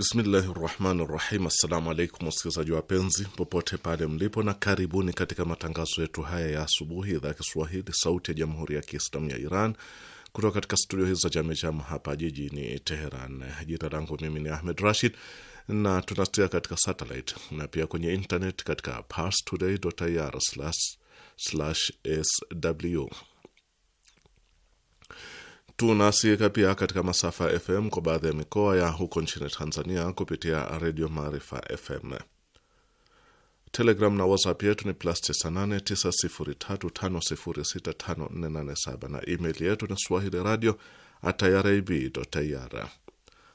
Bismillahi rahmani rahim. Assalamu alaikum wasikilizaji wapenzi popote pale mlipo, na karibuni katika matangazo yetu haya ya asubuhi, idhaa ya Kiswahili sauti ya jamhuri ya Kiislamu ya Iran kutoka katika studio hizi za Jamejam hapa jijini Teheran. Jina langu mimi ni Ahmed Rashid na tunasikia katika satellite na pia kwenye internet katika parstoday.ir/sw Tunasikika pia katika masafa ya FM kwa baadhi ya mikoa ya huko nchini Tanzania kupitia Redio Maarifa FM. Telegram na WhatsApp yetu ni plus 989035065487 na email yetu ni swahili radio irib ir.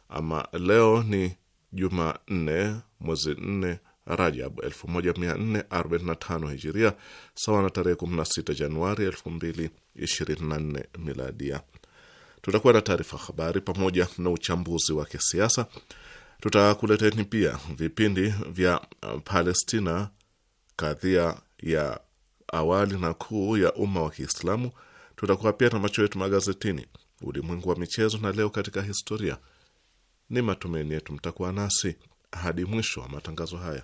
Ama leo ni Juma 4 mwezi 4 Rajab 1445 Hijiria, sawa na tarehe 16 Januari 2024 Miladia. Tutakuwa na taarifa habari pamoja na uchambuzi wa kisiasa. Tutakuleteni pia vipindi vya uh, Palestina, kadhia ya awali na kuu ya umma wa Kiislamu. Tutakuwa pia na macho yetu magazetini, ulimwengu wa michezo na leo katika historia. Ni matumaini yetu mtakuwa nasi hadi mwisho wa matangazo haya.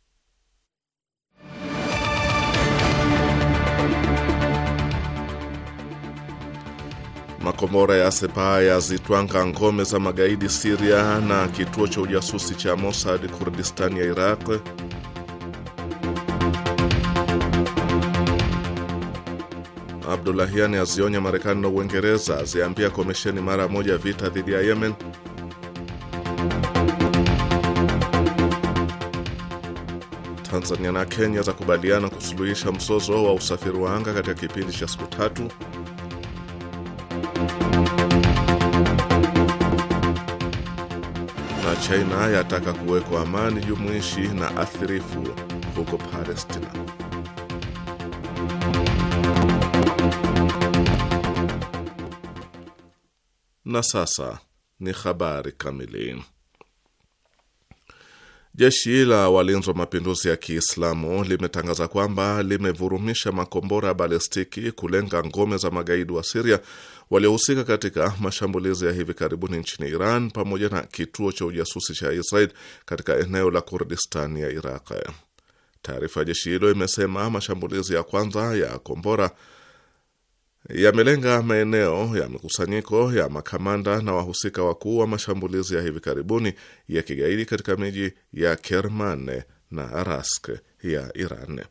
Makombora ya Sepa yazitwanga ngome za magaidi Siria na kituo cha ujasusi cha Mossad Kurdistan ya Iraq. Abdulahian azionya Marekani na Uingereza ziambia komesheni mara moja vita dhidi ya Yemen. Tanzania na Kenya zakubaliana kusuluhisha mzozo wa usafiri wa anga katika kipindi cha siku tatu. China yataka kuwekwa amani jumuishi na athirifu huko Palestina. Na sasa ni habari kamili. Jeshi la walinzi wa mapinduzi ya Kiislamu limetangaza kwamba limevurumisha makombora ya balistiki kulenga ngome za magaidi wa Siria waliohusika katika mashambulizi ya hivi karibuni nchini Iran pamoja na kituo cha ujasusi cha Israel katika eneo la Kurdistan ya Iraq. Taarifa ya jeshi hilo imesema mashambulizi ya kwanza ya kombora yamelenga maeneo ya mikusanyiko ya makamanda na wahusika wakuu wa mashambulizi ya hivi karibuni ya kigaidi katika miji ya Kerman na Rask ya Iran.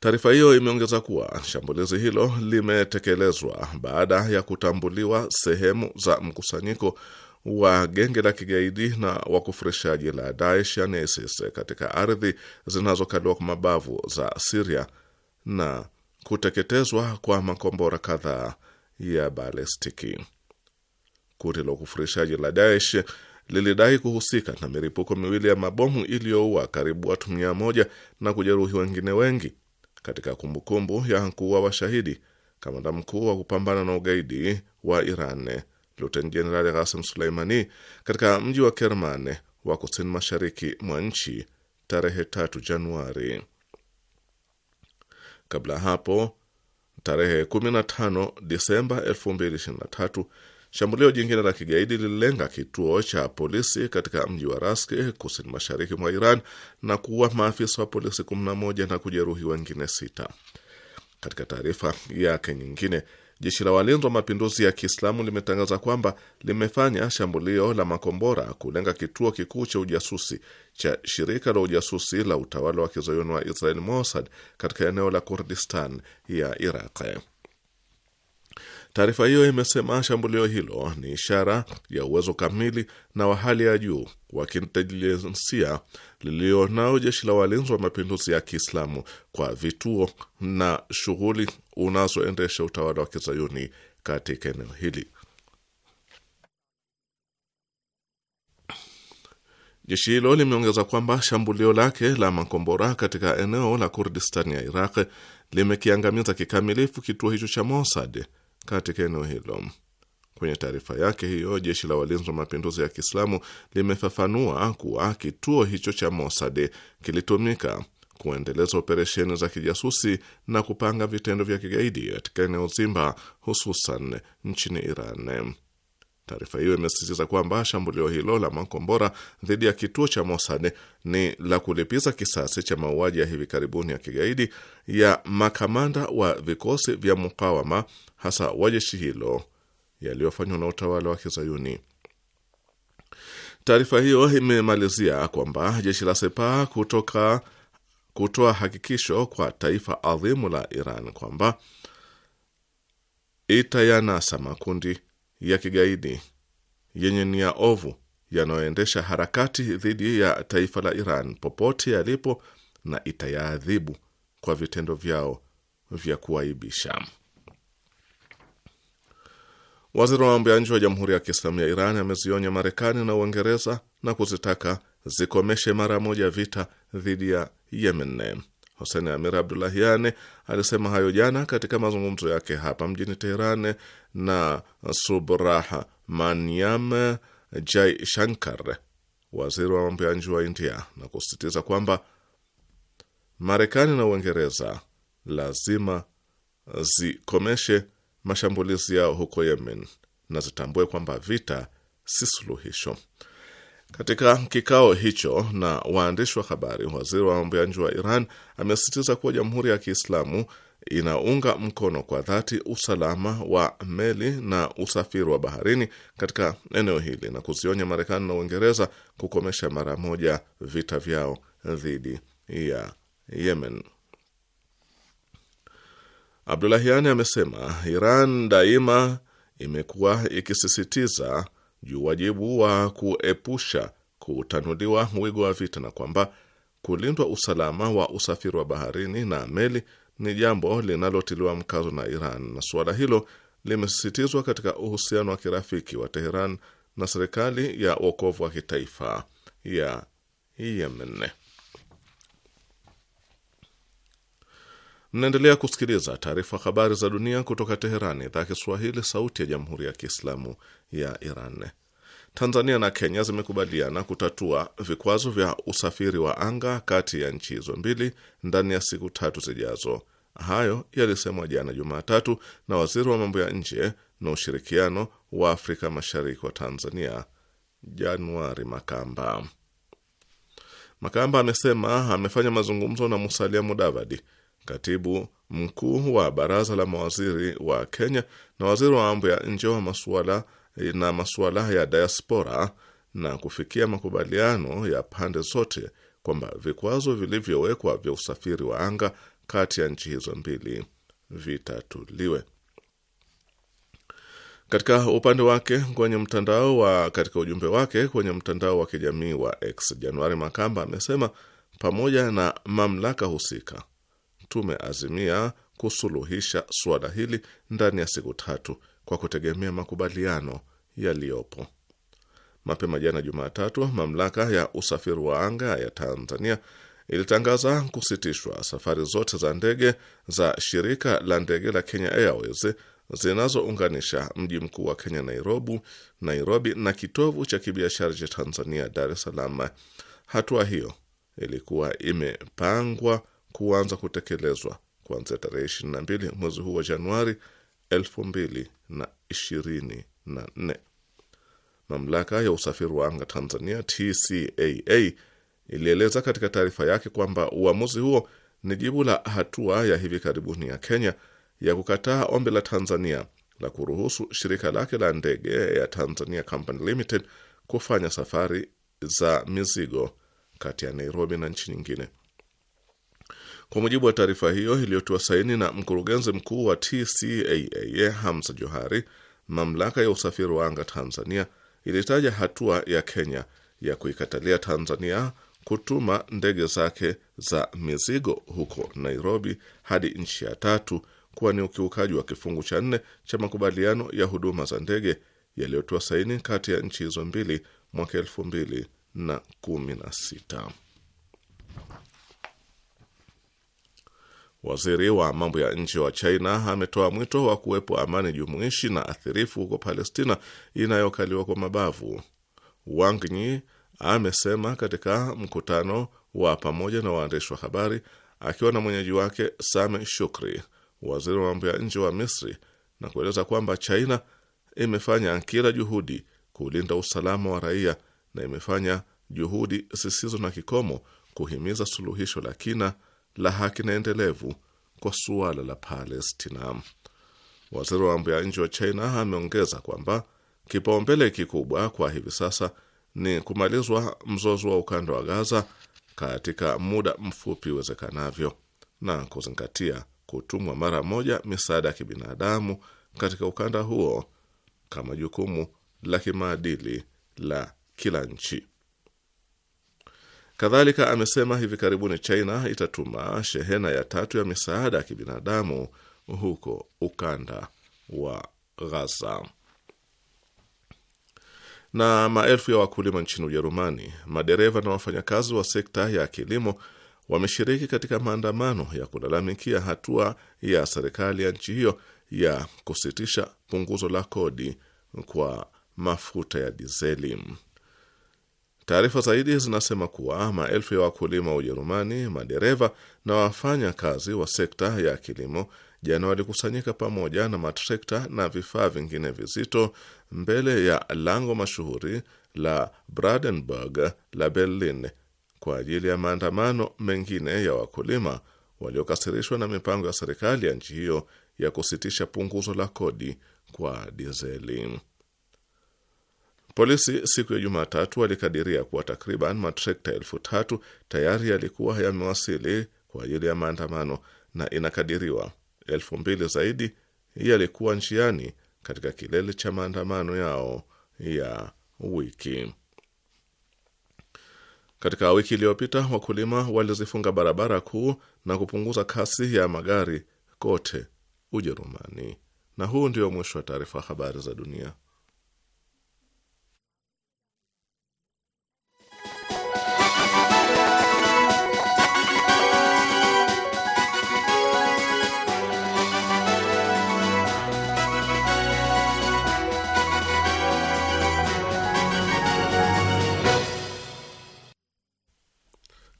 Taarifa hiyo imeongeza kuwa shambulizi hilo limetekelezwa baada ya kutambuliwa sehemu za mkusanyiko wa genge la kigaidi na wakufurishaji la Daesh yani ISIS katika ardhi zinazokaliwa kwa mabavu za Siria na kuteketezwa kwa makombora kadhaa ya balestiki. Kundi la ukufurishaji la Daesh lilidai kuhusika na milipuko miwili ya mabomu iliyoua karibu watu mia moja na kujeruhi wengine wengi. Katika kumbukumbu ya kuua washahidi, kamanda mkuu wa kupambana na ugaidi wa Iran Luten Jenerali Ghasim Suleimani katika mji wa Kerman wa kusini mashariki mwa nchi tarehe 3 Januari Kabla hapo tarehe 15 Disemba 2023 shambulio jingine la kigaidi lililenga kituo cha polisi katika mji wa Raski kusini mashariki mwa Iran na kuua maafisa wa polisi 11 na kujeruhi wengine sita. Katika taarifa yake nyingine, Jeshi la walinzi wa mapinduzi ya Kiislamu limetangaza kwamba limefanya shambulio la makombora kulenga kituo kikuu cha ujasusi cha shirika la ujasusi la utawala wa kizayuni wa Israel Mossad katika eneo la Kurdistan ya Iraq. Taarifa hiyo imesema shambulio hilo ni ishara ya uwezo kamili na wa hali ya juu wa kiintelijensia lilionao jeshi la walinzi wa mapinduzi ya Kiislamu kwa vituo na shughuli unazoendesha utawala wa kizayuni katika eneo hili. Jeshi hilo limeongeza kwamba shambulio lake la makombora katika eneo la Kurdistan ya Iraq limekiangamiza kikamilifu kituo hicho cha Mossad katika eneo hilo. Kwenye taarifa yake hiyo, jeshi la walinzi wa mapinduzi ya Kiislamu limefafanua kuwa kituo hicho cha Mossad kilitumika kuendeleza operesheni za kijasusi na kupanga vitendo vya kigaidi katika eneo zimba, hususan nchini Iran. Taarifa hiyo imesisitiza kwamba shambulio hilo la makombora dhidi ya kituo cha Mossad ni la kulipiza kisasi cha mauaji ya hivi karibuni ya kigaidi ya makamanda wa vikosi vya mukawama, hasa wa jeshi hilo yaliyofanywa na utawala wa Kizayuni. Taarifa hiyo imemalizia kwamba jeshi la Sepa kutoka kutoa hakikisho kwa taifa adhimu la Iran kwamba itayanasa makundi ya kigaidi yenye nia ovu yanayoendesha harakati dhidi ya taifa la Iran popote yalipo na itayaadhibu kwa vitendo vyao vya kuaibisha. Waziri wa mambo ya nje wa Jamhuri ya Kiislamu ya Iran amezionya Marekani na Uingereza na kuzitaka zikomeshe mara moja vita dhidi ya Yemen. Hosen Amir Abdulahiani alisema hayo jana katika mazungumzo yake hapa mjini Teheran na manyam Jai Shankar, waziri wa mambo ya nje wa India, na kusisitiza kwamba Marekani na Uingereza lazima zikomeshe mashambulizi yao huko Yemen na zitambue kwamba vita si suluhisho. Katika kikao hicho na waandishi wa habari, waziri wa mambo ya nje wa Iran amesisitiza kuwa Jamhuri ya Kiislamu inaunga mkono kwa dhati usalama wa meli na usafiri wa baharini katika eneo hili na kuzionya Marekani na Uingereza kukomesha mara moja vita vyao dhidi ya Yemen. Abdulahiani amesema Iran daima imekuwa ikisisitiza juu wajibu wa kuepusha kutanuliwa wigo wa vita na kwamba kulindwa usalama wa usafiri wa baharini na meli ni jambo linalotiliwa mkazo na Iran, na suala hilo limesisitizwa katika uhusiano wa kirafiki wa Teheran na serikali ya uokovu wa kitaifa ya Yemen. Mnaendelea kusikiliza taarifa habari za dunia kutoka Teherani, idhaa Kiswahili, sauti ya jamhuri ya kiislamu ya Iran. Tanzania na Kenya zimekubaliana kutatua vikwazo vya usafiri wa anga kati ya nchi hizo mbili ndani ya siku tatu zijazo. Hayo yalisemwa jana Jumatatu na waziri wa mambo ya nje na ushirikiano wa Afrika Mashariki wa Tanzania, Januari Makamba. Makamba amesema amefanya mazungumzo na Musalia Mudavadi, katibu mkuu wa baraza la mawaziri wa Kenya na waziri wa mambo ya nje wa masuala na masuala ya diaspora na kufikia makubaliano ya pande zote kwamba vikwazo vilivyowekwa vya usafiri wa anga kati ya nchi hizo mbili vitatuliwe. Katika upande wake kwenye mtandao wa katika ujumbe wake kwenye mtandao wa kijamii wa X, Januari Makamba amesema pamoja na mamlaka husika tumeazimia kusuluhisha suala hili ndani ya siku tatu kwa kutegemea makubaliano yaliyopo. Mapema jana Jumatatu, mamlaka ya usafiri wa anga ya Tanzania ilitangaza kusitishwa safari zote za ndege za shirika la ndege la Kenya Airways zinazounganisha mji mkuu wa Kenya Nairobi, Nairobi na kitovu cha kibiashara cha Tanzania Dar es Salaam. Hatua hiyo ilikuwa imepangwa kuanza kutekelezwa kuanzia tarehe 22 mwezi huu wa Januari 2024. Mamlaka ya usafiri wa anga Tanzania TCAA ilieleza katika taarifa yake kwamba uamuzi huo ni jibu la hatua ya hivi karibuni ya Kenya ya kukataa ombi la Tanzania la kuruhusu shirika lake la ndege ya Tanzania Company Limited kufanya safari za mizigo kati ya Nairobi na nchi nyingine. Kwa mujibu wa taarifa hiyo iliyotiwa saini na mkurugenzi mkuu wa TCAA Hamza Johari, mamlaka ya usafiri wa anga Tanzania ilitaja hatua ya Kenya ya kuikatalia Tanzania kutuma ndege zake za mizigo huko Nairobi hadi nchi ya tatu kuwa ni ukiukaji wa kifungu cha nne cha makubaliano ya huduma za ndege yaliyotiwa saini kati ya nchi hizo mbili mwaka elfu mbili na kumi na sita. Waziri wa mambo ya nje wa China ametoa mwito wa kuwepo amani jumuishi na athirifu huko Palestina inayokaliwa kwa mabavu. Wang Yi amesema katika mkutano wa pamoja na waandishi wa habari akiwa na mwenyeji wake Same Shukri, waziri wa mambo ya nje wa Misri, na kueleza kwamba China imefanya kila juhudi kulinda usalama wa raia na imefanya juhudi zisizo na kikomo kuhimiza suluhisho la kina la haki na endelevu kwa suala la Palestina. Waziri wa mambo ya nje wa China ameongeza kwamba kipaumbele kikubwa kwa hivi sasa ni kumalizwa mzozo wa ukanda wa Gaza katika muda mfupi uwezekanavyo na kuzingatia kutumwa mara moja misaada ya kibinadamu katika ukanda huo kama jukumu la kimaadili la kila nchi. Kadhalika amesema hivi karibuni China itatuma shehena ya tatu ya misaada ya kibinadamu huko ukanda wa Gaza. Na maelfu ya wakulima nchini Ujerumani, madereva na wafanyakazi wa sekta ya kilimo wameshiriki katika maandamano ya kulalamikia hatua ya serikali ya nchi hiyo ya kusitisha punguzo la kodi kwa mafuta ya dizeli. Taarifa zaidi zinasema kuwa maelfu ya wakulima wa Ujerumani, madereva na wafanya kazi wa sekta ya kilimo jana walikusanyika pamoja na matrekta na vifaa vingine vizito mbele ya lango mashuhuri la Brandenburg la Berlin kwa ajili ya maandamano mengine ya wakulima waliokasirishwa na mipango ya serikali ya nchi hiyo ya kusitisha punguzo la kodi kwa dizeli. Polisi siku ya Jumatatu walikadiria kuwa takriban matrekta elfu tatu tayari yalikuwa yamewasili kwa ajili ya maandamano na inakadiriwa elfu mbili zaidi yalikuwa njiani katika kilele cha maandamano yao ya wiki. Katika wiki iliyopita, wakulima walizifunga barabara kuu na kupunguza kasi ya magari kote Ujerumani. Na huu ndio mwisho wa taarifa habari za dunia.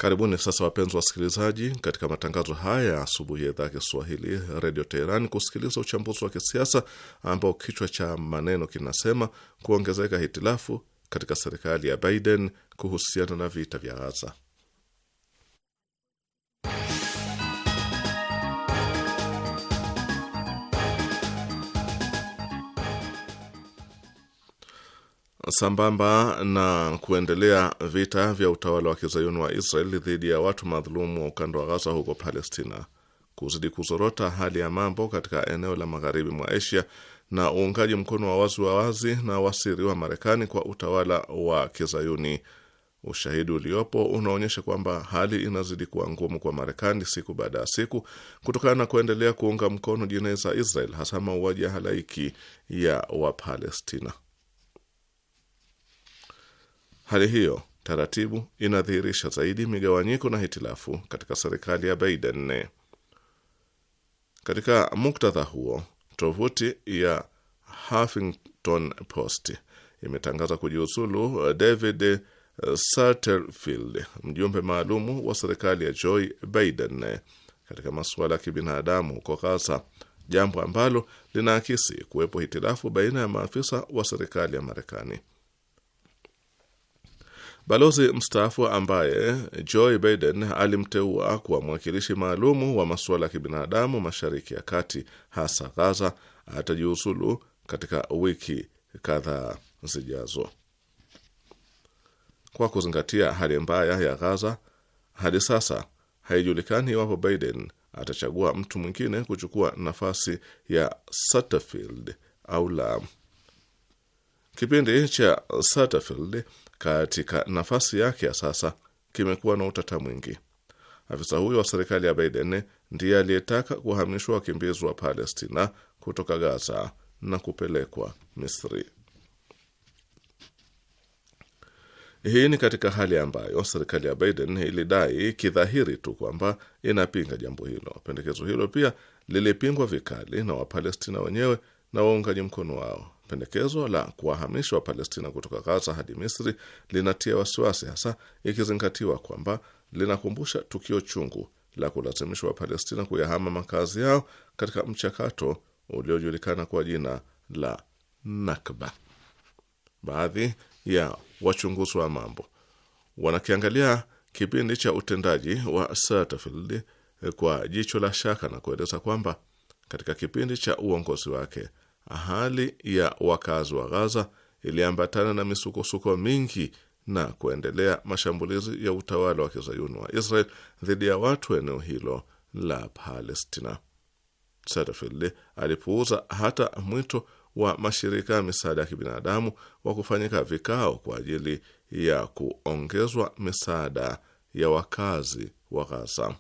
Karibuni sasa wapenzi wasikilizaji, katika matangazo haya ya asubuhi ya idhaa Kiswahili redio Teheran kusikiliza uchambuzi wa kisiasa ambao kichwa cha maneno kinasema kuongezeka hitilafu katika serikali ya Biden kuhusiana na vita vya Ghaza. sambamba na kuendelea vita vya utawala wa kizayuni wa Israel dhidi ya watu madhulumu wa ukanda wa Ghaza huko Palestina, kuzidi kuzorota hali ya mambo katika eneo la magharibi mwa Asia na uungaji mkono wa wazi wa wazi na wasiri wa Marekani kwa utawala wa kizayuni. Ushahidi uliopo unaonyesha kwamba hali inazidi kuwa ngumu kwa Marekani siku baada ya siku kutokana na kuendelea kuunga mkono jinai za Israel, hasa mauaji ya halaiki ya Wapalestina. Hali hiyo taratibu inadhihirisha zaidi migawanyiko na hitilafu katika serikali ya Biden. Katika muktadha huo, tovuti ya Huffington Post imetangaza kujiuzulu uh, David Satterfield, mjumbe maalumu wa serikali ya Joe Biden katika masuala ya kibinadamu huko Gaza, jambo ambalo linaakisi kuwepo hitilafu baina ya maafisa wa serikali ya Marekani. Balozi mstaafu ambaye Joe Biden alimteua kuwa mwakilishi maalumu wa masuala ya kibinadamu Mashariki ya Kati, hasa Gaza, atajiuzulu katika wiki kadhaa zijazo. Kwa kuzingatia hali mbaya ya Gaza, hadi sasa haijulikani iwapo Biden atachagua mtu mwingine kuchukua nafasi ya Satterfield au la. Kipindi cha Satterfield katika nafasi yake ya sasa kimekuwa na utata mwingi. Afisa huyo wa serikali ya Biden ndiye aliyetaka kuhamishwa wakimbizi wa Palestina kutoka Gaza na kupelekwa Misri. Hii ni katika hali ambayo serikali ya Biden ilidai kidhahiri tu kwamba inapinga jambo hilo. Pendekezo hilo pia lilipingwa vikali na Wapalestina wenyewe na waungaji mkono wao. Pendekezo la kuwahamisha Wapalestina kutoka Gaza hadi Misri linatia wasiwasi, hasa ikizingatiwa kwamba linakumbusha tukio chungu la kulazimishwa Wapalestina kuyahama makazi yao katika mchakato uliojulikana kwa jina la Nakba. Baadhi ya wachunguzi wa mambo wanakiangalia kipindi cha utendaji wa Satterfield kwa jicho la shaka na kueleza kwamba katika kipindi cha uongozi wake hali ya wakazi wa Ghaza iliambatana na misukosuko mingi na kuendelea mashambulizi ya utawala wa kizayuni wa Israel dhidi ya watu eneo hilo la Palestina. Satafili alipuuza hata mwito wa mashirika ya misaada ya kibinadamu wa kufanyika vikao kwa ajili ya kuongezwa misaada ya wakazi wa Ghaza.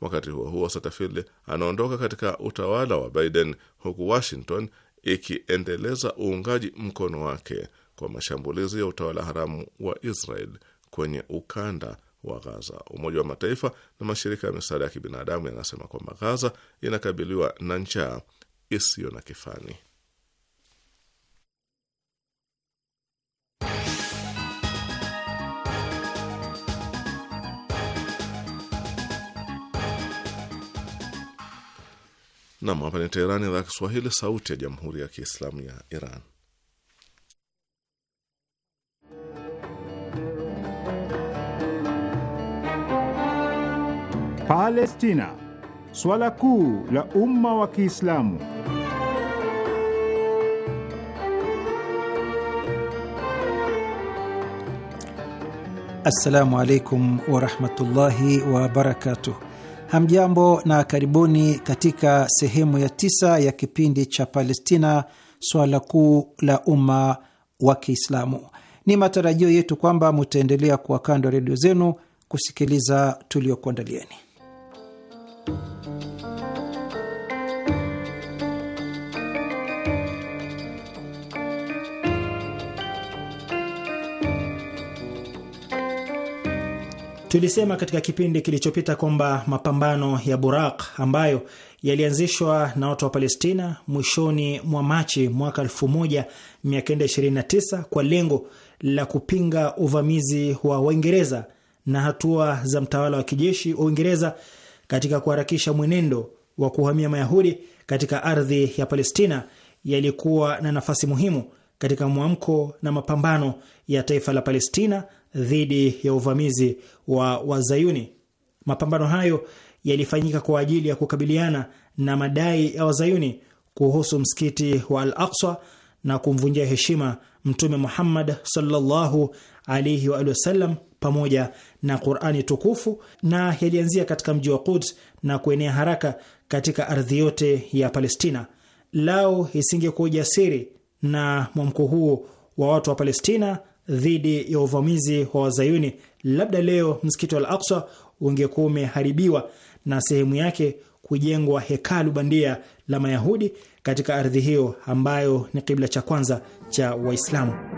Wakati huo huo, Satafili anaondoka katika utawala wa Biden huku Washington ikiendeleza uungaji mkono wake kwa mashambulizi ya utawala haramu wa Israel kwenye ukanda wa Gaza. Umoja wa Mataifa na mashirika ya misaada ya kibinadamu yanasema kwamba Gaza inakabiliwa na njaa isiyo na kifani. Nam, hapa ni Teherani, idhaa ya Kiswahili, sauti ya jamhuri ya kiislamu ya Iran. Palestina, swala kuu la umma wa Kiislamu. Assalamu alaikum warahmatullahi wabarakatuh. Hamjambo na karibuni katika sehemu ya tisa ya kipindi cha Palestina, swala kuu la umma wa Kiislamu. Ni matarajio yetu kwamba mutaendelea kuwa kando redio zenu kusikiliza tuliokuandalieni. Tulisema katika kipindi kilichopita kwamba mapambano ya Buraq ambayo yalianzishwa na watu wa Palestina mwishoni mwa Machi mwaka 1929 kwa lengo la kupinga uvamizi wa Waingereza na hatua za mtawala wa kijeshi wa Uingereza katika kuharakisha mwenendo wa kuhamia Mayahudi katika ardhi ya Palestina yalikuwa na nafasi muhimu katika mwamko na mapambano ya taifa la Palestina dhidi ya uvamizi wa Wazayuni. Mapambano hayo yalifanyika kwa ajili ya kukabiliana na madai ya Wazayuni kuhusu msikiti wa Al Aqsa na kumvunjia heshima Mtume Muhammad sallallahu alaihi wa alihi wasallam pamoja na Qurani tukufu na yalianzia katika mji wa Quds na kuenea haraka katika ardhi yote ya Palestina. Lao isingekuwa ujasiri na mwamko huo wa watu wa Palestina dhidi ya uvamizi wa Wazayuni, labda leo msikiti Al Aksa ungekuwa umeharibiwa na sehemu yake kujengwa hekalu bandia la Mayahudi katika ardhi hiyo ambayo ni kibla cha kwanza cha Waislamu.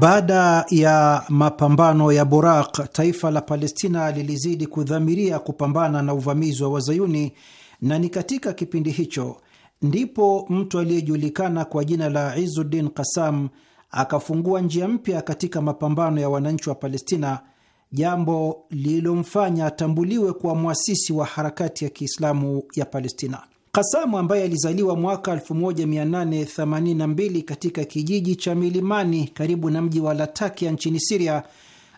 Baada ya mapambano ya Borak, taifa la Palestina lilizidi kudhamiria kupambana na uvamizi wa Wazayuni, na ni katika kipindi hicho ndipo mtu aliyejulikana kwa jina la Izuddin Kasam akafungua njia mpya katika mapambano ya wananchi wa Palestina, jambo lililomfanya atambuliwe kuwa mwasisi wa harakati ya Kiislamu ya Palestina. Kasamu ambaye alizaliwa mwaka 1882 katika kijiji cha milimani karibu na mji wa Latakia nchini Siria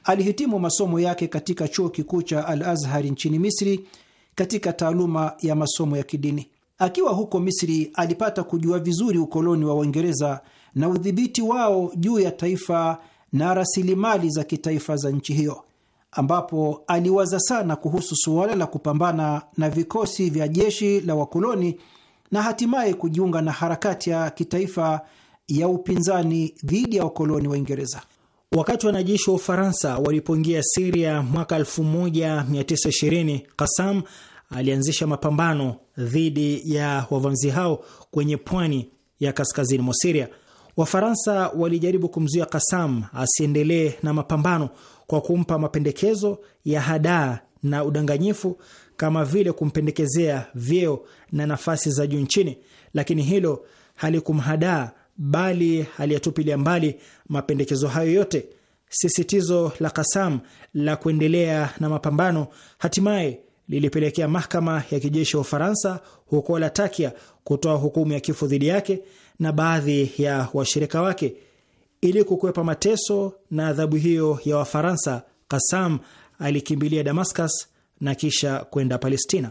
alihitimu masomo yake katika chuo kikuu cha Al Azhari nchini Misri katika taaluma ya masomo ya kidini. Akiwa huko Misri alipata kujua vizuri ukoloni wa Uingereza na udhibiti wao juu ya taifa na rasilimali za kitaifa za nchi hiyo ambapo aliwaza sana kuhusu suala la kupambana na vikosi vya jeshi la wakoloni na hatimaye kujiunga na harakati ya kitaifa ya upinzani dhidi ya wakoloni wa Uingereza. Wakati wanajeshi wa Ufaransa walipoingia Siria mwaka 1920, Kasam alianzisha mapambano dhidi ya wavamizi hao kwenye pwani ya kaskazini mwa Siria. Wafaransa walijaribu kumzuia Kasam asiendelee na mapambano kwa kumpa mapendekezo ya hadaa na udanganyifu kama vile kumpendekezea vyeo na nafasi za juu nchini, lakini hilo halikumhadaa bali haliyatupilia mbali mapendekezo hayo yote. Sisitizo la Kasam la kuendelea na mapambano hatimaye lilipelekea mahakama ya kijeshi ya Ufaransa huko Latakia kutoa hukumu ya kifo dhidi yake na baadhi ya washirika wake. Ili kukwepa mateso na adhabu hiyo ya Wafaransa, Kasam alikimbilia Damascus na kisha kwenda Palestina.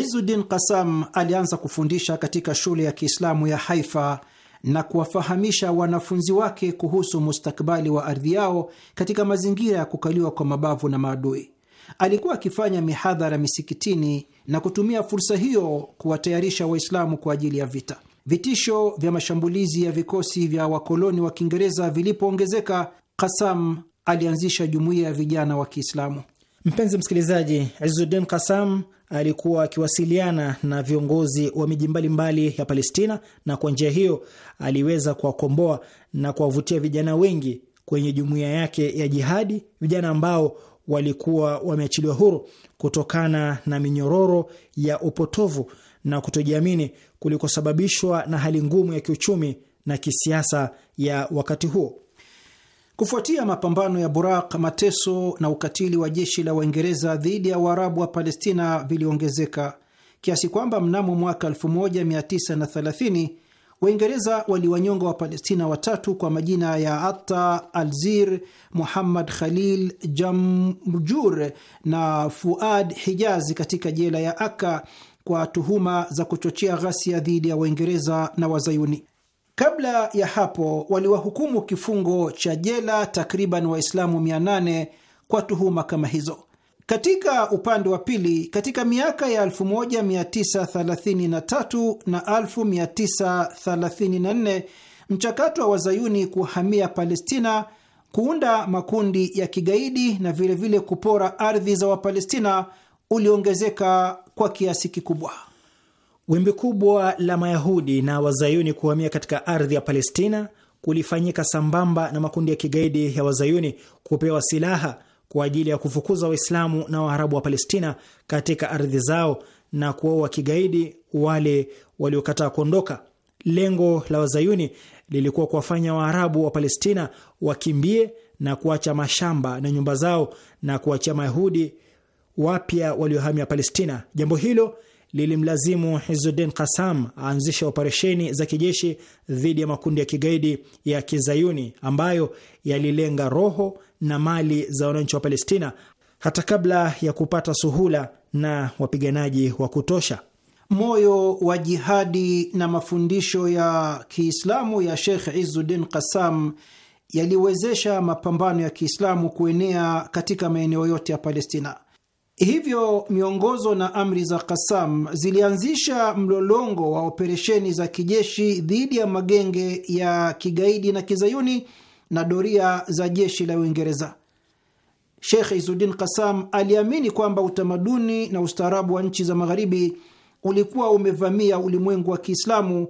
Izuddin Kasam alianza kufundisha katika shule ya Kiislamu ya Haifa na kuwafahamisha wanafunzi wake kuhusu mustakbali wa ardhi yao katika mazingira ya kukaliwa kwa mabavu na maadui. Alikuwa akifanya mihadhara misikitini na kutumia fursa hiyo kuwatayarisha Waislamu kwa ajili ya vita. Vitisho vya mashambulizi ya vikosi vya wakoloni wa Kiingereza vilipoongezeka, Kasam alianzisha jumuiya ya vijana wa Kiislamu. Mpenzi msikilizaji, Izuddin Kasam alikuwa akiwasiliana na viongozi wa miji mbalimbali ya Palestina na kwa njia hiyo aliweza kuwakomboa na kuwavutia vijana wengi kwenye jumuiya yake ya jihadi, vijana ambao walikuwa wameachiliwa huru kutokana na minyororo ya upotovu na kutojiamini kulikosababishwa na hali ngumu ya kiuchumi na kisiasa ya wakati huo. Kufuatia mapambano ya Burak, mateso na ukatili wa jeshi la Waingereza dhidi ya Waarabu wa Palestina viliongezeka kiasi kwamba mnamo mwaka 1930 Waingereza waliwanyonga Wapalestina watatu kwa majina ya Atta Alzir, Muhammad Khalil Jamjur na Fuad Hijazi katika jela ya Aka kwa tuhuma za kuchochea ghasia dhidi ya Waingereza na Wazayuni. Kabla ya hapo, waliwahukumu kifungo cha jela takriban Waislamu 800 kwa tuhuma kama hizo. Katika upande wa pili, katika miaka ya 1933 na 1934 mchakato wa Wazayuni kuhamia Palestina, kuunda makundi ya kigaidi na vilevile vile kupora ardhi za Wapalestina uliongezeka kwa kiasi kikubwa. Wimbi kubwa la Mayahudi na Wazayuni kuhamia katika ardhi ya Palestina kulifanyika sambamba na makundi ya kigaidi ya Wazayuni kupewa silaha kwa ajili ya kufukuza Waislamu na Waarabu wa Palestina katika ardhi zao na kuwaua kigaidi wale waliokataa kuondoka. Lengo la Wazayuni lilikuwa kuwafanya Waarabu wa Palestina wakimbie na kuacha mashamba na nyumba zao na kuachia Mayahudi wapya waliohamia Palestina. Jambo hilo lilimlazimu Hizudin Kasam aanzishe operesheni za kijeshi dhidi ya makundi ya kigaidi ya kizayuni ambayo yalilenga roho na mali za wananchi wa Palestina hata kabla ya kupata suhula na wapiganaji wa kutosha. Moyo wa jihadi na mafundisho ya Kiislamu ya Sheikh Izuddin Kasam yaliwezesha mapambano ya Kiislamu kuenea katika maeneo yote ya Palestina. Hivyo miongozo na amri za Kasam zilianzisha mlolongo wa operesheni za kijeshi dhidi ya magenge ya kigaidi na kizayuni na doria za jeshi la Uingereza. Sheikh Izudin Kasam aliamini kwamba utamaduni na ustaarabu wa nchi za magharibi ulikuwa umevamia ulimwengu wa Kiislamu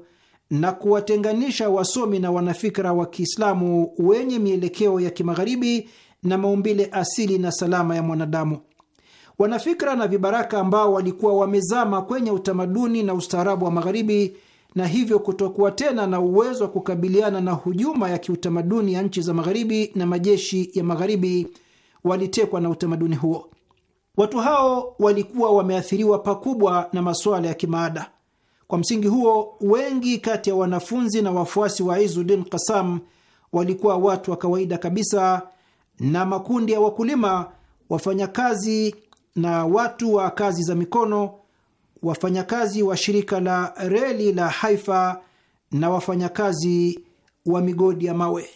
na kuwatenganisha wasomi na wanafikra wa Kiislamu wenye mielekeo ya kimagharibi na maumbile asili na salama ya mwanadamu. Wanafikra na vibaraka ambao walikuwa wamezama kwenye utamaduni na ustaarabu wa Magharibi na hivyo kutokuwa tena na uwezo wa kukabiliana na hujuma ya kiutamaduni ya nchi za Magharibi na majeshi ya Magharibi walitekwa na utamaduni huo. Watu hao walikuwa wameathiriwa pakubwa na masuala ya kimaada. Kwa msingi huo, wengi kati ya wanafunzi na wafuasi wa Izuddin Kasam walikuwa watu wa kawaida kabisa na makundi ya wakulima, wafanyakazi na watu wa kazi za mikono, wafanyakazi wa shirika la reli la Haifa na wafanyakazi wa migodi ya mawe.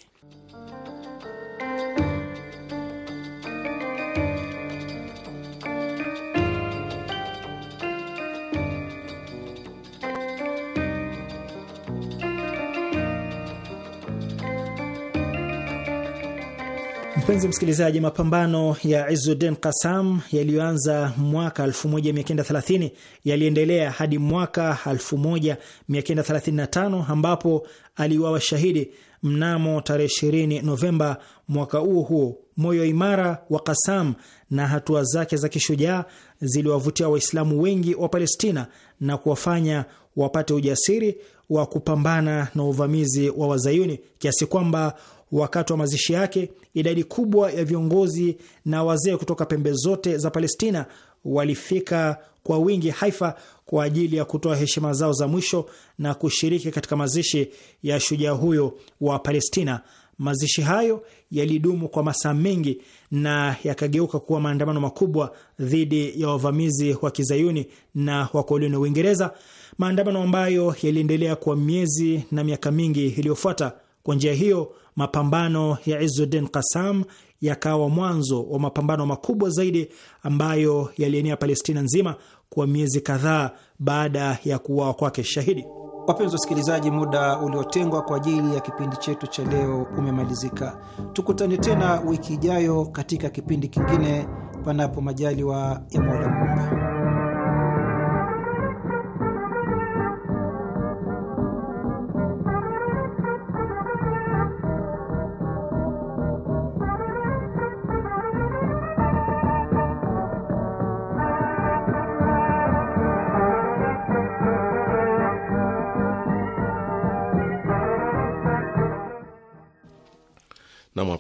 Mpenzi msikilizaji, mapambano ya izudin Kasam yaliyoanza mwaka 1930 yaliendelea hadi mwaka 1935 ambapo aliuawa shahidi mnamo tarehe 20 Novemba mwaka huo huo. Moyo imara wa kasam na hatua zake za kishujaa ziliwavutia Waislamu wengi wa Palestina na kuwafanya wapate ujasiri wa kupambana na uvamizi wa Wazayuni kiasi kwamba wakati wa mazishi yake, idadi kubwa ya viongozi na wazee kutoka pembe zote za Palestina walifika kwa wingi Haifa kwa ajili ya kutoa heshima zao za mwisho na kushiriki katika mazishi ya shujaa huyo wa Palestina. Mazishi hayo yalidumu kwa masaa mengi na yakageuka kuwa maandamano makubwa dhidi ya wavamizi wa kizayuni na wakoloni wa Uingereza, maandamano ambayo yaliendelea kwa miezi na miaka mingi iliyofuata. Kwa njia hiyo, mapambano ya Izzuddin Kasam yakawa mwanzo wa mapambano makubwa zaidi ambayo yalienea Palestina nzima kwa miezi kadhaa baada ya kuuawa kwake shahidi. Wapenzi wasikilizaji, muda uliotengwa kwa ajili ya kipindi chetu cha leo umemalizika. Tukutane tena wiki ijayo katika kipindi kingine, panapo majaliwa ya Mola Muumba.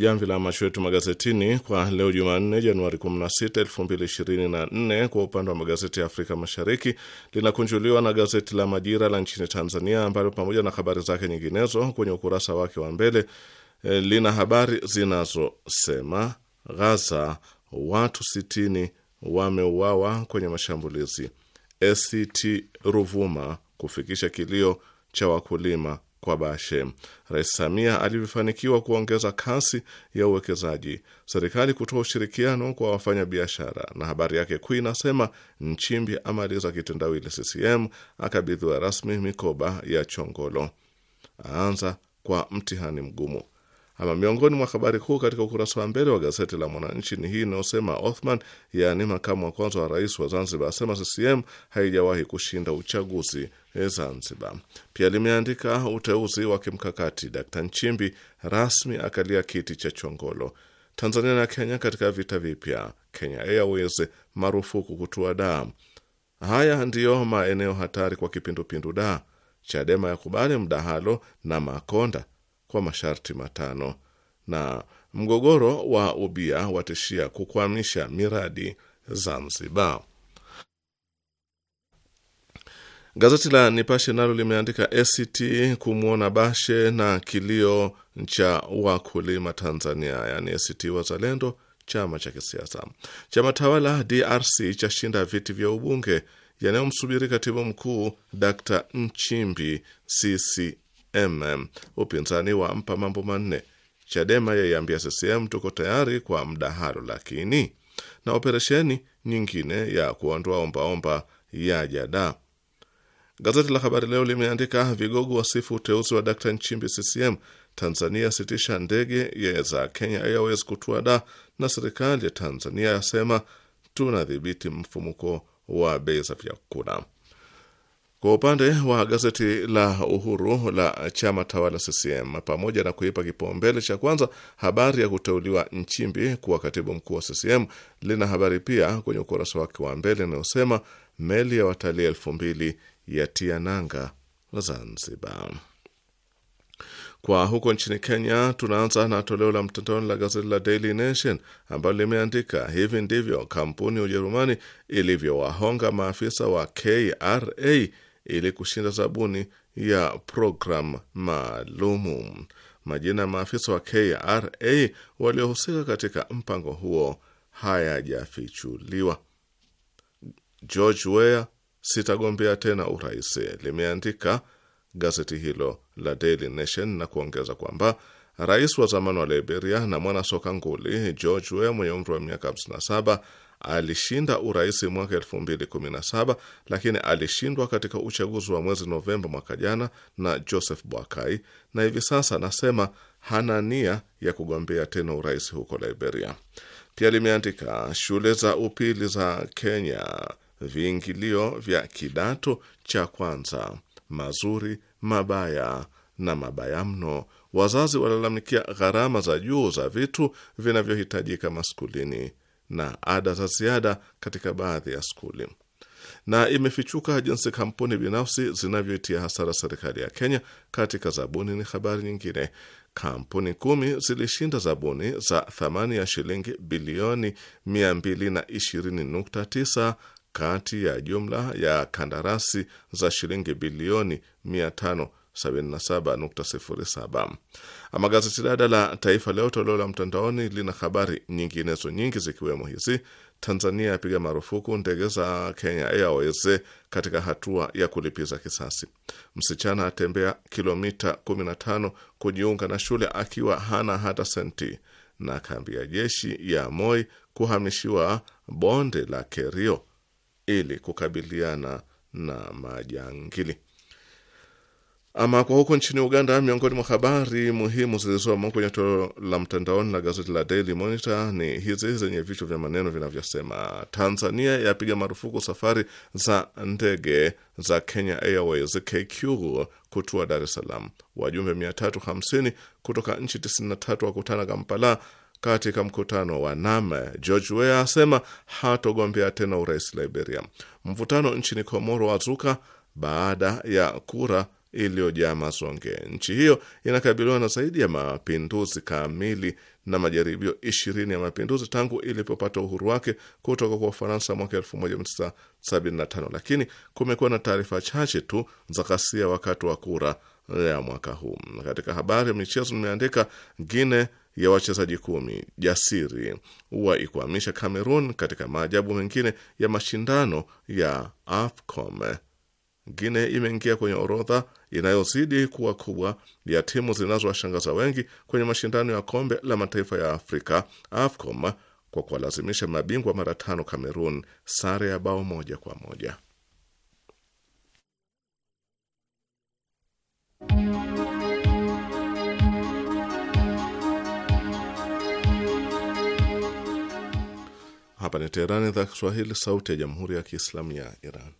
jamvi la macho yetu magazetini kwa leo Jumanne, Januari 16, 2024. Kwa upande wa magazeti ya Afrika Mashariki linakunjuliwa na gazeti la Majira la nchini Tanzania, ambalo pamoja na habari zake nyinginezo kwenye ukurasa wake wa mbele eh, lina habari zinazosema Gaza, watu 60 wameuawa kwenye mashambulizi, ACT Ruvuma kufikisha kilio cha wakulima kwa Bashe. Rais Samia alivyofanikiwa kuongeza kasi ya uwekezaji, serikali kutoa ushirikiano kwa wafanyabiashara, na habari yake kuu inasema Nchimbi amaliza kitendawili CCM, akabidhiwa rasmi mikoba ya Chongolo, aanza kwa mtihani mgumu. Ama miongoni mwa habari kuu katika ukurasa wa mbele wa gazeti la Mwananchi ni hii inayosema Othman, yaani makamu wa kwanza wa rais wa Zanzibar, asema CCM haijawahi kushinda uchaguzi e, Zanzibar. Pia limeandika uteuzi wa kimkakati, Dkt Nchimbi rasmi akalia kiti cha Chongolo. Tanzania na Kenya katika vita vipya. Kenya Airways marufuku kutua daa. Haya ndiyo maeneo hatari kwa kipindupindu. Da, Chadema yakubali mdahalo na Makonda kwa masharti matano, na mgogoro wa ubia watishia kukwamisha miradi Zanzibar. Gazeti la Nipashe nalo limeandika ACT kumwona Bashe na kilio cha wakulima Tanzania, yaani ACT Wazalendo, chama cha kisiasa. Chama tawala DRC chashinda viti vya ubunge yanayomsubiri katibu mkuu Dr Nchimbi, CCM. CCM. Upinzani wampa mambo manne. Chadema yaiambia CCM tuko tayari kwa mdahalo, lakini na operesheni nyingine ya kuondoa ombaomba ya jada. Gazeti la Habari Leo limeandika vigogo wasifu uteuzi wa Dkt Nchimbi CCM. Tanzania sitisha ndege za Kenya Airways kutua da, na serikali ya Tanzania yasema tunadhibiti mfumuko wa bei za vyakula. Kwa upande wa gazeti la Uhuru la chama tawala CCM, pamoja na kuipa kipaumbele cha kwanza habari ya kuteuliwa Nchimbi kuwa katibu mkuu wa CCM, lina habari pia kwenye ukurasa wake wa mbele inayosema meli ya watalii elfu mbili ya tia nanga Zanzibar. Kwa huko nchini Kenya, tunaanza na toleo la mtandaoni la gazeti la Daily Nation ambalo limeandika hivi ndivyo kampuni ya Ujerumani ilivyowahonga maafisa wa KRA ili kushinda zabuni ya programu maalumu. Majina ya maafisa wa KRA waliohusika katika mpango huo hayajafichuliwa. George Weah, sitagombea tena urais, limeandika gazeti hilo la Daily Nation na kuongeza kwamba rais wa zamani wa Liberia na mwanasoka nguli George Weah mwenye umri wa miaka 57 alishinda urais mwaka 2017 lakini alishindwa katika uchaguzi wa mwezi Novemba mwaka jana na Joseph Boakai, na hivi sasa anasema hana nia ya kugombea tena urais huko Liberia. Pia limeandika shule za upili za Kenya viingilio vya kidato cha kwanza mazuri, mabaya na mabaya mno. Wazazi walalamikia gharama za juu za vitu vinavyohitajika maskulini na ada za ziada katika baadhi ya skuli. Na imefichuka jinsi kampuni binafsi zinavyoitia hasara serikali ya Kenya katika zabuni. Ni habari nyingine. Kampuni kumi zilishinda zabuni za thamani ya shilingi bilioni 220.9 kati ya jumla ya kandarasi za shilingi bilioni 500 77.07. Ama gazeti dada la Taifa Leo toleo la mtandaoni lina habari nyinginezo nyingi zikiwemo hizi: Tanzania yapiga marufuku ndege za Kenya Airways katika hatua ya kulipiza kisasi. Msichana atembea kilomita 15 kujiunga na shule akiwa hana hata senti. Na kambi ya jeshi ya Moi kuhamishiwa bonde la Kerio ili kukabiliana na majangili. Ama kwa huko nchini Uganda, miongoni mwa habari muhimu zilizomo kwenye toleo la mtandaoni la gazeti la Daily Monitor ni hizi zenye vichwa vya maneno vinavyosema: Tanzania yapiga marufuku safari za ndege za Kenya Airways KQ kutua Dar es Salaam. Wajumbe 350 kutoka nchi 93 wakutana Kampala katika mkutano wa Name. George Weah asema hatogombea tena urais Liberia. Mvutano nchini Komoro wazuka baada ya kura iliyojaa masonge. Nchi hiyo inakabiliwa na zaidi ya mapinduzi kamili na majaribio ishirini ya mapinduzi tangu ilipopata uhuru wake kutoka kwa Ufaransa mwaka tano, lakini kumekuwa na taarifa chache tu za ghasia wakati wa kura ya mwaka huu. Katika habari ya michezo nimeandika Gine ya wachezaji kumi jasiri huwa ikuamisha Cameroon katika maajabu mengine ya mashindano ya AFCON ngine imeingia kwenye orodha inayozidi kuwa kubwa ya timu zinazowashangaza wengi kwenye mashindano ya kombe la mataifa ya Afrika afcom kwa kuwalazimisha mabingwa mara tano Cameroon sare ya bao moja kwa moja. Hapa ni Teherani, idhaa Kiswahili, sauti ya jamhuri ya kiislamu ya Iran.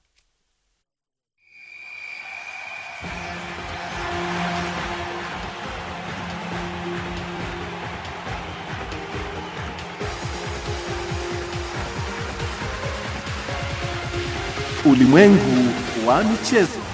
Ulimwengu wa michezo.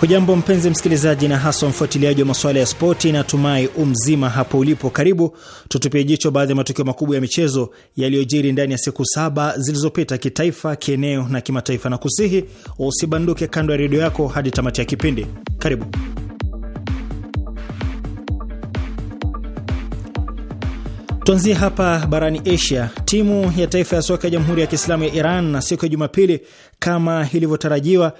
Hujambo mpenzi msikilizaji, na haswa mfuatiliaji wa masuala ya spoti, natumai umzima hapo ulipo. Karibu tutupie jicho baadhi ya matukio makubwa ya michezo yaliyojiri ndani ya siku saba zilizopita, kitaifa, kieneo na kimataifa, na kusihi usibanduke kando ya redio yako hadi tamati ya kipindi. Karibu. Tuanzie hapa barani Asia. Timu ya taifa ya soka ya Jamhuri ya Kiislamu ya Iran na siku ya Jumapili, kama ilivyotarajiwa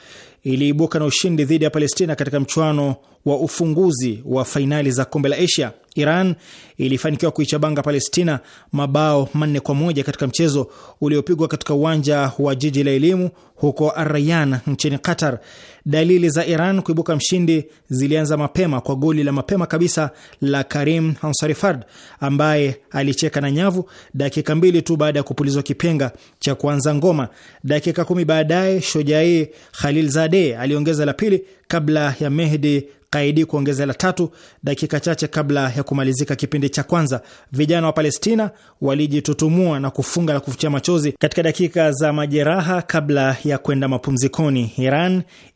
iliibuka na ushindi dhidi ya Palestina katika mchuano wa ufunguzi wa fainali za kombe la Asia, Iran ilifanikiwa kuichabanga Palestina mabao manne kwa moja katika mchezo uliopigwa katika uwanja wa jiji la elimu huko Arrayan nchini Qatar. Dalili za Iran kuibuka mshindi zilianza mapema kwa goli la mapema kabisa la Karim Ansarifard ambaye alicheka na nyavu dakika mbili tu baada ya kupulizwa kipenga cha kuanza ngoma. Dakika kumi baadaye Shojai Khalil Zade aliongeza la pili kabla ya Mehdi Kaidi kuongeza la tatu dakika chache kabla ya kumalizika kipindi cha kwanza. Vijana wa Palestina walijitutumua na kufunga la kufutia machozi katika dakika za majeraha kabla ya kwenda mapumzikoni. Iran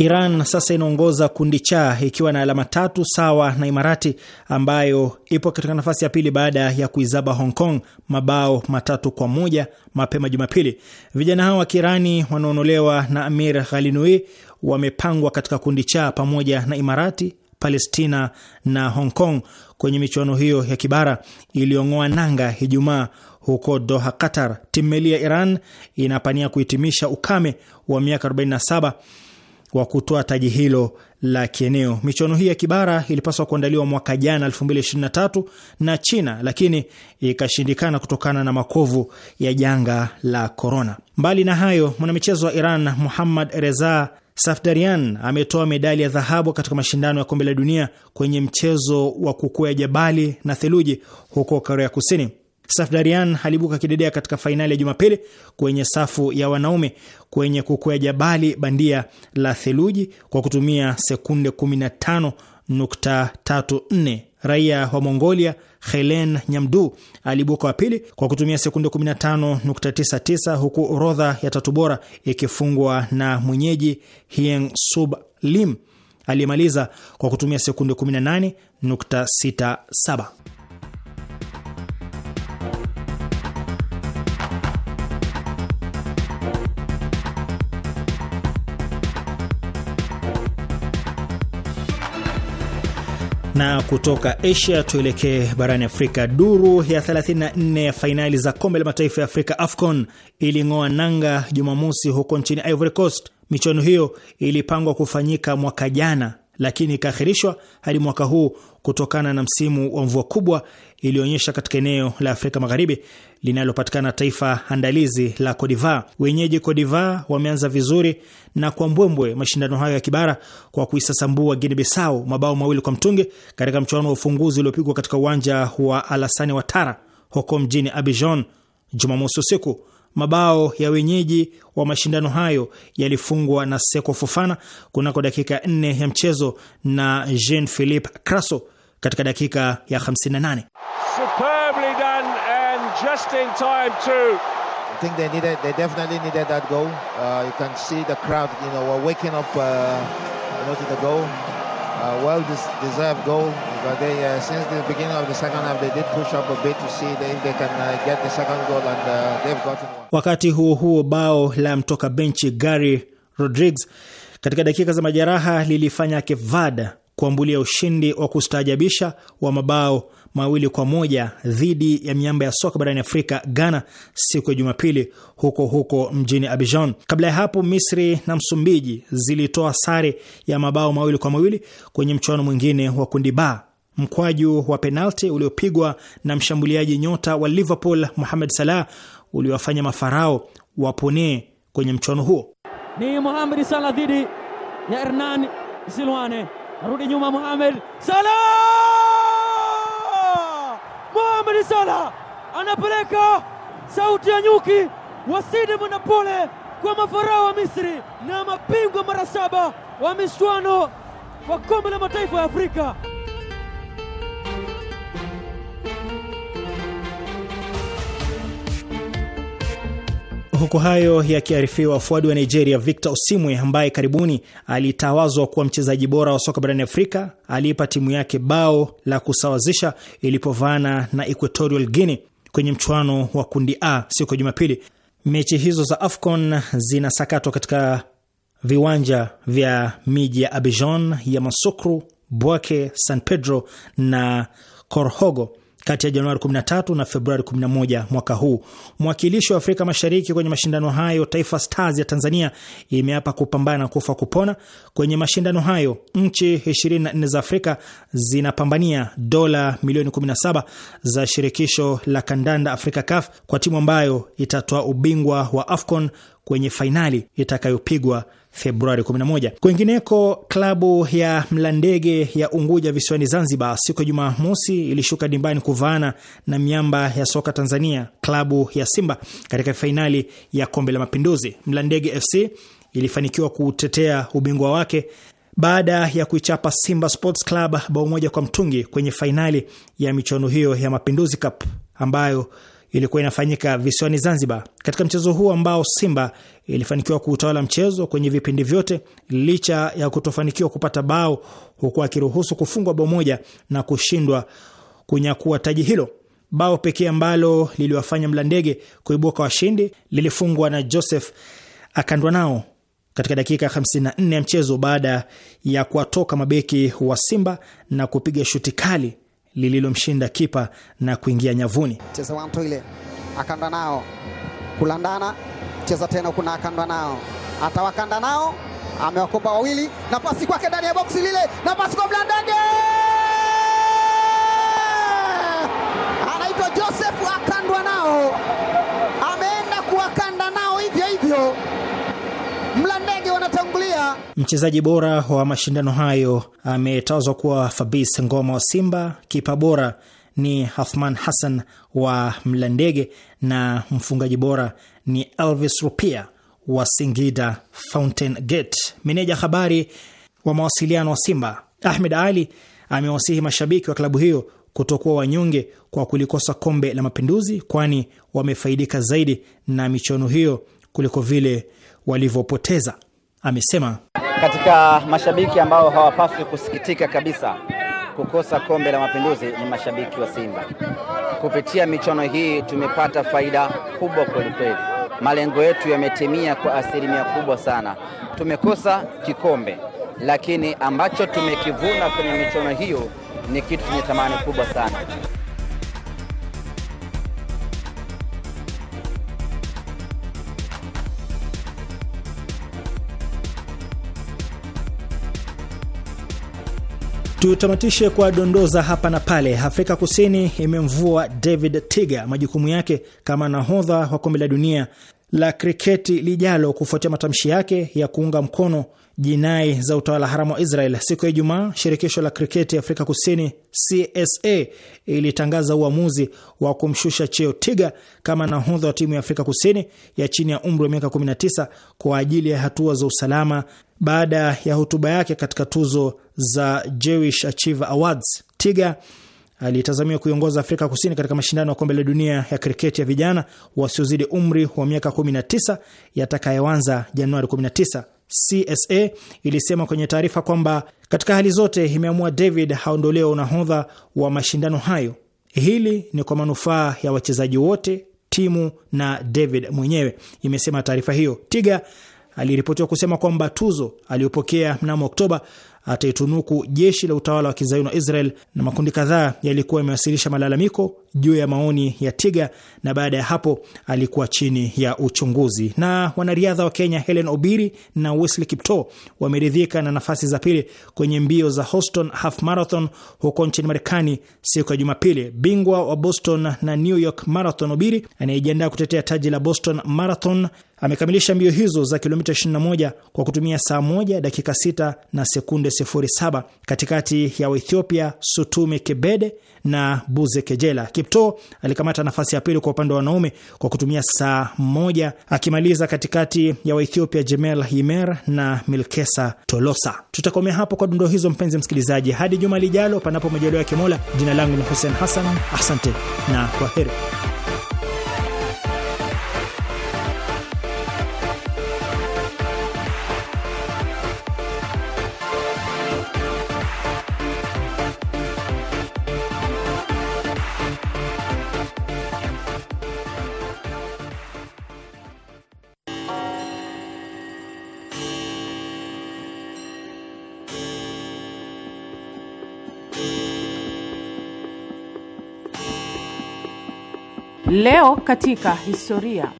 Iran sasa inaongoza kundi cha ikiwa na alama tatu sawa na Imarati ambayo ipo katika nafasi ya pili baada ya kuizaba Hong Kong mabao matatu kwa moja mapema Jumapili. Vijana hao wa Kiirani wanaonolewa na Amir Ghalinui wamepangwa katika kundi cha pamoja na Imarati, Palestina na Hong Kong kwenye michuano hiyo ya kibara iliyong'oa nanga Ijumaa huko Doha, Qatar. Timu meli ya Iran inapania kuhitimisha ukame wa miaka 47 wa kutoa taji hilo la kieneo. Michuano hii ya kibara ilipaswa kuandaliwa mwaka jana 2023 na China, lakini ikashindikana kutokana na makovu ya janga la korona. Mbali na hayo, mwanamichezo wa Iran Muhammad Reza Safdarian ametoa medali ya dhahabu katika mashindano ya kombe la dunia kwenye mchezo wa kukwea jabali na theluji huko Korea Kusini. Safdarian alibuka kidedea katika fainali ya Jumapili kwenye safu ya wanaume kwenye kukwea jabali bandia la theluji kwa kutumia sekunde 15.34. Raia wa Mongolia Helen Nyamdu alibuka wa pili kwa kutumia sekunde 15.99, huku orodha ya tatu bora ikifungwa na mwenyeji Hieng Sub Lim aliyemaliza kwa kutumia sekunde 18.67. Na kutoka Asia tuelekee barani Afrika. Duru ya 34 ya fainali za kombe la mataifa ya Afrika, AFCON, iling'oa nanga Jumamosi huko nchini Ivory Coast. Michuano hiyo ilipangwa kufanyika mwaka jana lakini ikaakhirishwa hadi mwaka huu kutokana na msimu wa mvua kubwa iliyoonyesha katika eneo la Afrika Magharibi linalopatikana taifa andalizi la Kodiva. Wenyeji Kodiva wameanza vizuri na kwa mbwembwe mashindano hayo ya kibara kwa kuisasambua Guinea Bissau mabao mawili kwa mtungi katika mchuano wa ufunguzi uliopigwa katika uwanja wa Alassane Ouattara huko mjini Abidjan Jumamosi usiku mabao ya wenyeji wa mashindano hayo yalifungwa na Seko Fofana kunako dakika 4 ya mchezo na Jean Philippe Crasso katika dakika ya 58 uh, well-deserved goal. But they, uh, since the beginning of the second half, they did push up a bit to see if they can uh, get the second goal and uh, they've gotten one. Wakati huo huo, bao la mtoka benchi Gary Rodriguez katika dakika za majeraha lilifanya Kevada kuambulia ushindi wa kustaajabisha wa mabao mawili kwa moja dhidi ya miamba ya soka barani Afrika, Ghana, siku ya Jumapili huko huko mjini Abidjan. Kabla ya hapo, Misri na Msumbiji zilitoa sare ya mabao mawili kwa mawili kwenye mchuano mwingine wa kundi ba mkwaju wa penalti uliopigwa na mshambuliaji nyota wa Liverpool Mohamed Salah uliowafanya mafarao waponee kwenye mchuano huo. Ni Mohamed Salah dhidi ya Hernan Silwane, arudi nyuma Mohamed Salah Mohamed Salah anapeleka sauti ya nyuki wasidi mwanapole kwa mafarao wa Misri na mabingwa mara saba wa michuano wa kombe la mataifa ya Afrika. Huku hayo yakiarifiwa, fuadi wa Nigeria Victor Osimwe ambaye karibuni alitawazwa kuwa mchezaji bora wa soka barani Afrika aliipa timu yake bao la kusawazisha ilipovaana na Equatorial Guinea kwenye mchuano wa kundi A siku ya Jumapili. Mechi hizo za AFCON zinasakatwa katika viwanja vya miji ya Abidjan, Yamoussoukro, Bouake, San Pedro na Korhogo kati ya Januari 13 na Februari 11 mwaka huu. Mwakilishi wa Afrika Mashariki kwenye mashindano hayo Taifa Stars ya Tanzania imeapa kupambana kufa kupona. Kwenye mashindano hayo nchi 24 za Afrika zinapambania dola milioni 17 za shirikisho la kandanda Afrika CAF kwa timu ambayo itatoa ubingwa wa AFCON kwenye fainali itakayopigwa Februari 11. Kwingineko, klabu ya Mlandege ya Unguja visiwani Zanzibar siku ya Jumamosi ilishuka dimbani kuvaana na miamba ya soka Tanzania, klabu ya Simba katika fainali ya Kombe la Mapinduzi. Mlandege FC ilifanikiwa kutetea ubingwa wake baada ya kuichapa Simba Sports Club bao moja kwa mtungi kwenye fainali ya michuano hiyo ya Mapinduzi Cup ambayo ilikuwa inafanyika visiwani Zanzibar. Katika mchezo huu ambao Simba ilifanikiwa kuutawala mchezo kwenye vipindi vyote licha ya kutofanikiwa kupata bao, huku akiruhusu kufungwa bao moja na kushindwa kunyakua taji hilo. Bao pekee ambalo liliwafanya Mlandege kuibuka washindi lilifungwa na Joseph akandwa nao katika dakika 54 ya mchezo baada ya kuwatoka mabeki wa Simba na kupiga shuti kali lililomshinda kipa na kuingia nyavuni. Cheza watu ile akanda nao kulandana, cheza tena, kuna akanda nao atawakanda nao, amewakopa wawili, na pasi kwake ndani ya boksi lile, nafasi kwa mlandege, anaitwa josefu akandwa nao, ameenda kuwakanda nao hivyo hivyo. Mlandege wanatangulia. Mchezaji bora wa mashindano hayo ametawazwa kuwa Fabis Ngoma wa Simba, kipa bora ni Hathman Hassan wa Mlandege na mfungaji bora ni Elvis Rupia wa Singida Fountain Gate. Meneja habari wa mawasiliano wa Simba Ahmed Ali amewasihi mashabiki wa klabu hiyo kutokuwa wanyonge kwa kulikosa kombe la Mapinduzi, kwani wamefaidika zaidi na michuano hiyo kuliko vile walivyopoteza. Amesema katika mashabiki ambao hawapaswi kusikitika kabisa kukosa kombe la mapinduzi ni mashabiki wa Simba. Kupitia michuano hii tumepata faida kubwa kwelikweli, malengo yetu yametimia kwa asilimia kubwa sana. Tumekosa kikombe, lakini ambacho tumekivuna kwenye michuano hiyo ni kitu chenye thamani kubwa sana. Tutamatishe kwa dondoza hapa na pale. Afrika Kusini imemvua David Tiga majukumu yake kama nahodha wa kombe la dunia la kriketi lijalo kufuatia matamshi yake ya kuunga mkono jinai za utawala haramu wa Israel. Siku ya Ijumaa, shirikisho la kriketi Afrika Kusini CSA ilitangaza uamuzi wa kumshusha cheo Tiga kama nahodha wa timu ya Afrika Kusini ya chini ya umri wa miaka 19 kwa ajili ya hatua za usalama baada ya hotuba yake katika tuzo za Jewish Achiever Awards. Tiga alitazamiwa kuiongoza Afrika Kusini katika mashindano ya kombe la dunia ya kriketi ya vijana wasiozidi umri wa miaka 19 yatakayoanza Januari 19. CSA ilisema kwenye taarifa kwamba katika hali zote imeamua David haondolewe unahodha wa mashindano hayo. Hili ni kwa manufaa ya wachezaji wote, timu na David mwenyewe, imesema taarifa hiyo. Tiga aliripotiwa kusema kwamba tuzo aliyopokea mnamo Oktoba ataitunuku jeshi la utawala wa kizayuni wa Israel, na makundi kadhaa yalikuwa yamewasilisha malalamiko juu ya maoni ya Tiga, na baada ya hapo alikuwa chini ya uchunguzi. Na wanariadha wa Kenya Helen Obiri na Wesley kipto wameridhika na nafasi za pili kwenye mbio za Houston Half Marathon huko nchini Marekani siku ya Jumapili. Bingwa wa Boston na New York Marathon Obiri anayejiandaa kutetea taji la Boston Marathon Amekamilisha mbio hizo za kilomita 21 kwa kutumia saa moja dakika 6 na sekunde 7 katikati ya Waethiopia Sutume Kebede na Buze Kejela. kipto alikamata nafasi ya pili kwa upande wa wanaume kwa kutumia saa moja akimaliza katikati ya Waethiopia Jemel Himer na Milkesa Tolosa. Tutakomea hapo kwa dondoo hizo, mpenzi msikilizaji, hadi juma lijalo, panapo majaliwa ya Kimola. Jina langu ni Hussein Hassan, asante na kwaheri. Leo katika historia.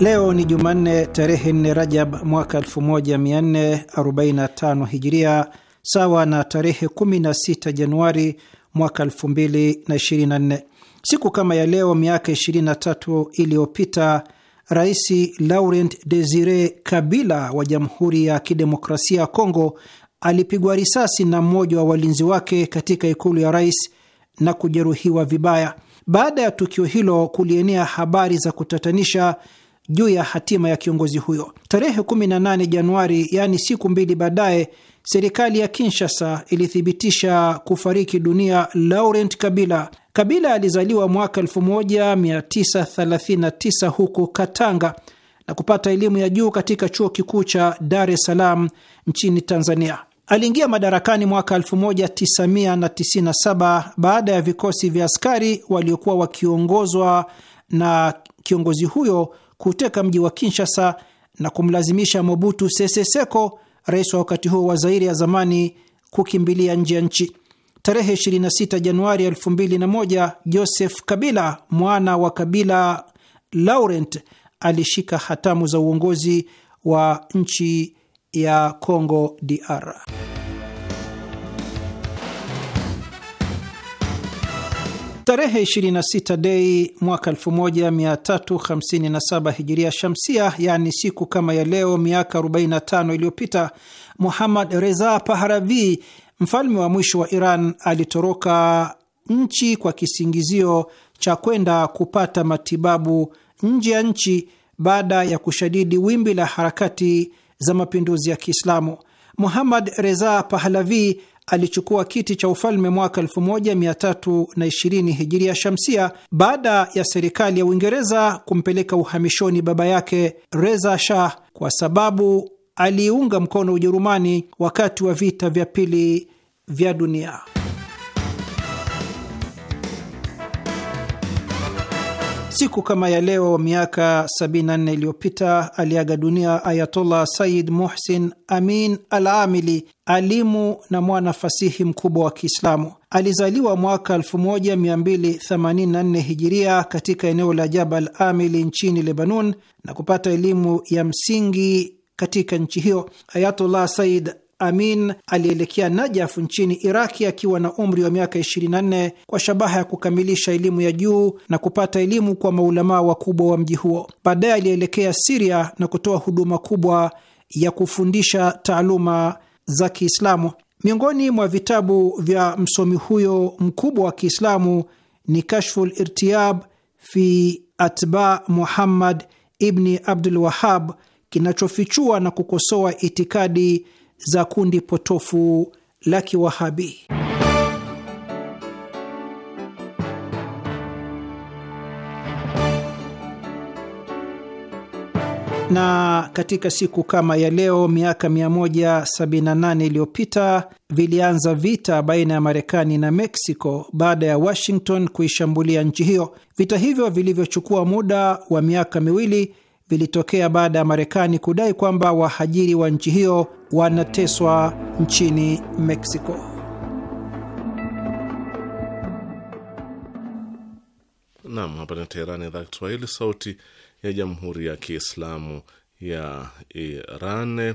Leo ni Jumanne tarehe 4 Rajab mwaka 1445 Hijiria, sawa na tarehe 16 Januari mwaka 2024. Siku kama ya leo miaka 23 iliyopita Rais Laurent Desire Kabila wa Jamhuri ya Kidemokrasia ya Kongo alipigwa risasi na mmoja wa walinzi wake katika ikulu ya rais na kujeruhiwa vibaya. Baada ya tukio hilo, kulienea habari za kutatanisha juu ya hatima ya kiongozi huyo. Tarehe 18 Januari, yaani siku mbili baadaye, serikali ya Kinshasa ilithibitisha kufariki dunia Laurent Kabila. Kabila alizaliwa mwaka 1939 huko Katanga na kupata elimu ya juu katika chuo kikuu cha Dar es Salaam nchini Tanzania. Aliingia madarakani mwaka 1997 baada ya vikosi vya askari waliokuwa wakiongozwa na kiongozi huyo kuteka mji wa Kinshasa na kumlazimisha Mobutu Sese Seko, rais wa wakati huo wa Zairi ya zamani, kukimbilia nje ya nchi. Tarehe 26 Januari 2001, Joseph Kabila, mwana wa Kabila Laurent, alishika hatamu za uongozi wa nchi ya Congo DR. Tarehe 26 Dei mwaka 1357 hijiria shamsia, yaani siku kama ya leo miaka 45 iliyopita, Muhammad Reza Paharavi, mfalme wa mwisho wa Iran, alitoroka nchi kwa kisingizio cha kwenda kupata matibabu nje ya nchi baada ya kushadidi wimbi la harakati za mapinduzi ya Kiislamu. Muhammad Reza Pahlavi alichukua kiti cha ufalme mwaka 1320 hijiria shamsia baada ya serikali ya Uingereza kumpeleka uhamishoni baba yake Reza Shah kwa sababu aliiunga mkono Ujerumani wakati wa vita vya pili vya dunia. Siku kama ya leo miaka 74 iliyopita aliaga dunia Ayatollah Sayyid Muhsin Amin Al-Amili, alimu na mwana fasihi mkubwa wa Kiislamu. Alizaliwa mwaka 1284 Hijiria katika eneo la Jabal Amili nchini Lebanon na kupata elimu ya msingi katika nchi hiyo. Ayatollah Sayyid Amin alielekea Najafu nchini Iraki akiwa na umri wa miaka 24 kwa shabaha ya kukamilisha elimu ya juu na kupata elimu kwa maulamaa wakubwa wa mji huo. Baadaye alielekea Siria na kutoa huduma kubwa ya kufundisha taaluma za Kiislamu. Miongoni mwa vitabu vya msomi huyo mkubwa wa Kiislamu ni Kashful Irtiab fi Atba Muhammad ibni Abdul Wahab, kinachofichua na kukosoa itikadi za kundi potofu la Kiwahabi. Na katika siku kama ya leo miaka 178 iliyopita vilianza vita baina ya Marekani na Meksiko baada ya Washington kuishambulia nchi hiyo. Vita hivyo vilivyochukua muda wa miaka miwili vilitokea baada ya Marekani kudai kwamba wahajiri wa nchi hiyo wanateswa nchini Meksiko. Naam, hapa ni Teherani, idhaa Kiswahili, sauti ya jamhuri ya kiislamu ya Iran.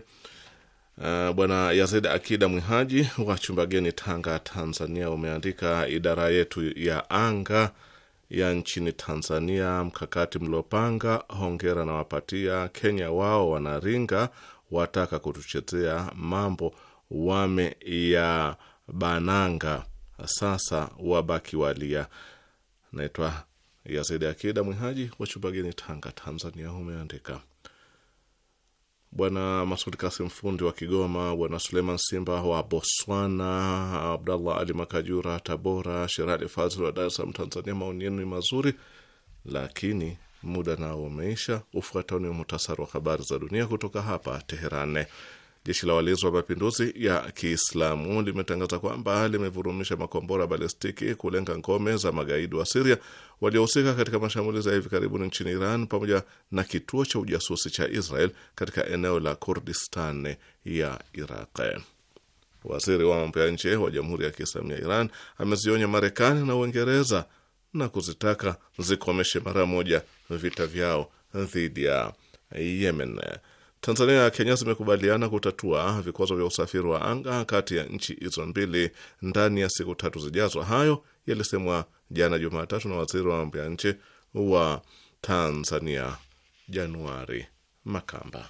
Uh, Bwana Yazid Akida Mwihaji wa Chumbageni, Tanga, Tanzania, umeandika idara yetu ya anga ya nchini Tanzania, mkakati mliopanga, hongera nawapatia. Kenya wao wanaringa, wataka kutuchezea mambo, wame ya bananga, sasa wabaki walia. Naitwa Yazidi Akida Mwihaji wa Chumbageni, Tanga, Tanzania, umeandika Bwana Masud Kasim Fundi wa Kigoma, Bwana Suleiman Simba wa Botswana, Abdallah Ali Makajura Tabora, Sherali Fazil wa Dar es Salaam Tanzania. Maoni yenu ni mazuri, lakini muda nao umeisha. Ufuatao ni muhtasari wa habari za dunia kutoka hapa Teherane. Jeshi la walinzi wa mapinduzi ya Kiislamu limetangaza kwamba limevurumisha makombora balistiki kulenga ngome za magaidi wa Siria waliohusika katika mashambulizi ya hivi karibuni nchini Iran pamoja na kituo cha ujasusi cha Israel katika eneo la Kurdistan ya Iraq. Waziri wa mambo ya nje wa Jamhuri ya Kiislamu ya Iran amezionya Marekani na Uingereza na kuzitaka zikomeshe mara moja vita vyao dhidi ya Yemen. Tanzania na Kenya zimekubaliana kutatua vikwazo vya usafiri wa anga kati ya nchi hizo mbili ndani ya siku tatu zijazo. Hayo yalisemwa jana Jumatatu na waziri wa mambo ya nje wa Tanzania Januari Makamba